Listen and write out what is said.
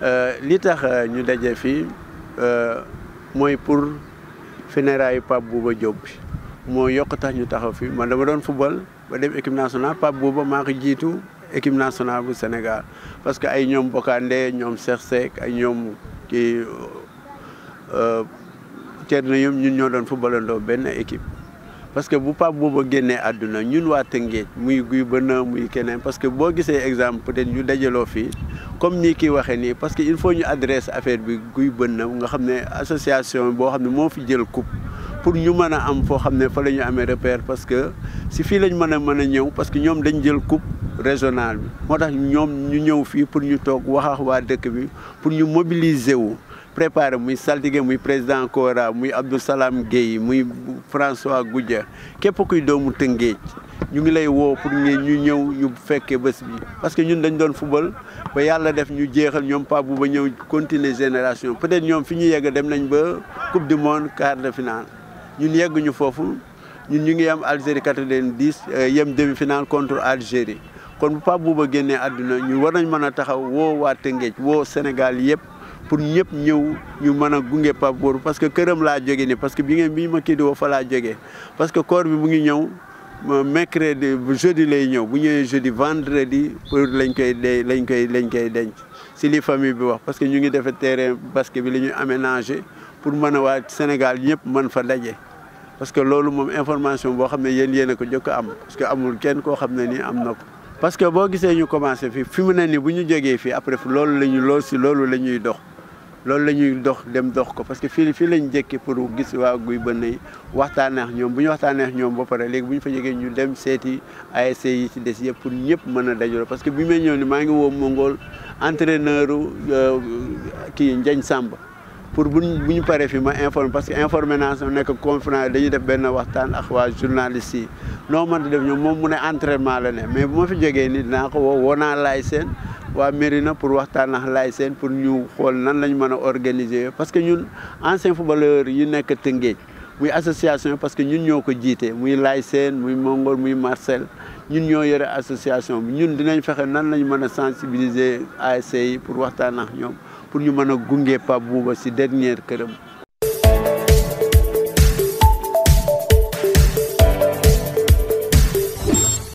Euh, li tax euh, ñu daje fii euh, mooy pour funérailles Pape Bouba Diop bi moo yokk tax ñu taxaw fii man dama doon football ba dem équipe nationale Pape Bouba maa jiitu équipe nationale bu Sénégal parce que ay ñoom Bokande ñoom Cheikh Seck ay ñoom kii Thierno ñoom ñun ñoo doon footballandoo benn équipe. parce que bu pap Bouba génnee àdduna ñun waa Tëngéej muy guy bëna muy keneen parce que boo gisee exemple peut-être ñu dajaloo fii. comme ni ki waxé ni parce que il faut ñu adresse affaire bi guy bën nga xamné association bo xamné mo fi jël coupe pour ñu mëna am fo xamné fa lañu amé repère parce que si fi lañu mëna mëna ñëw parce que ñom dañ jël coupe régional bi moo tax ñu ñëw fi pour ñu tok wax wa dëkk bi pour ñu mobiliser wu préparé muy saltige muy président Kora muy Abdou Salam Guèye muy François Goudia képp kuy doomu Tëngéej ñu ngi lay woo pour ñu ñëw ñu fekkee bés bi parce que ñun dañu doon football ba yàlla def ñu jeexal ñoom Pape ba ñëw continuer génération peut-être ñoom fi ñu yegg dem nañ ba coupe du monde quart de finale ñun yegguñu foofu ñun ñu ngi am Algérie 90 euh, yem demi-finale contre Algérie kon bu Pape Bouba génnee àdduna ñu war nañ mën a taxaw woo waa Tëngéej woo Sénégal yëpp pour ñëpp ñëw ñu mën a gunge Pape Bouba parce que këram laa jóge ni parce que bi ngeen bi ma kii di fa laa jógee parce que mu ngi ñëw mercredi jeudi lay ñëw bu ñëwee jeudi vendredi pour lañ koy de lañ koy lañ koy denc si li famille bi wax parce que ñu ngi defee terrain basket bi li ñu aménagé pour mëna a Sénégal ñëpp mën fa daje. parce que lolu mom information bo xamné yeen yéen yéen ko jëkk am parce que amul kenn ko xamné ni am na parce que bo gisé ñu commencé fi fi mu ne nii bu ñu joggé fi après lolu lañu lolu lool si dox. loolu la ñuy dox dem dox ko parce que fii fii lañ jékki pour gis waa guy bënn yi waxtaanee ak ñoom bu ñu waxtaanee ak ñoom ba pare léegi bu ñu fa jógee ñu dem seeti ASC yi ci des yëpp pour ñëpp mën a dajaloo parce que bi may ñëw ni maa ngi woo Mongol entraîneur euh, kii Njañ Samba pour bu ñu bu ñu paree fi ma informe parce que informé nekk conférence dañuy def benn waxtaan ak waa journaliste yi noo mën di def ñoom moom mu ne entraînement la ne mais bu ma fi jógee nii naa ko woo woo naa laay seen pour waxtana lay sen pour ñu nan organiser parce que ñun ancien footballeur yi nekk muy association parce que ñun ñoko jité muy une Mongol muy Marcel nous ñoo association nous ñun dinañ nan sensibiliser ASC pour waxtana pour ñu mëna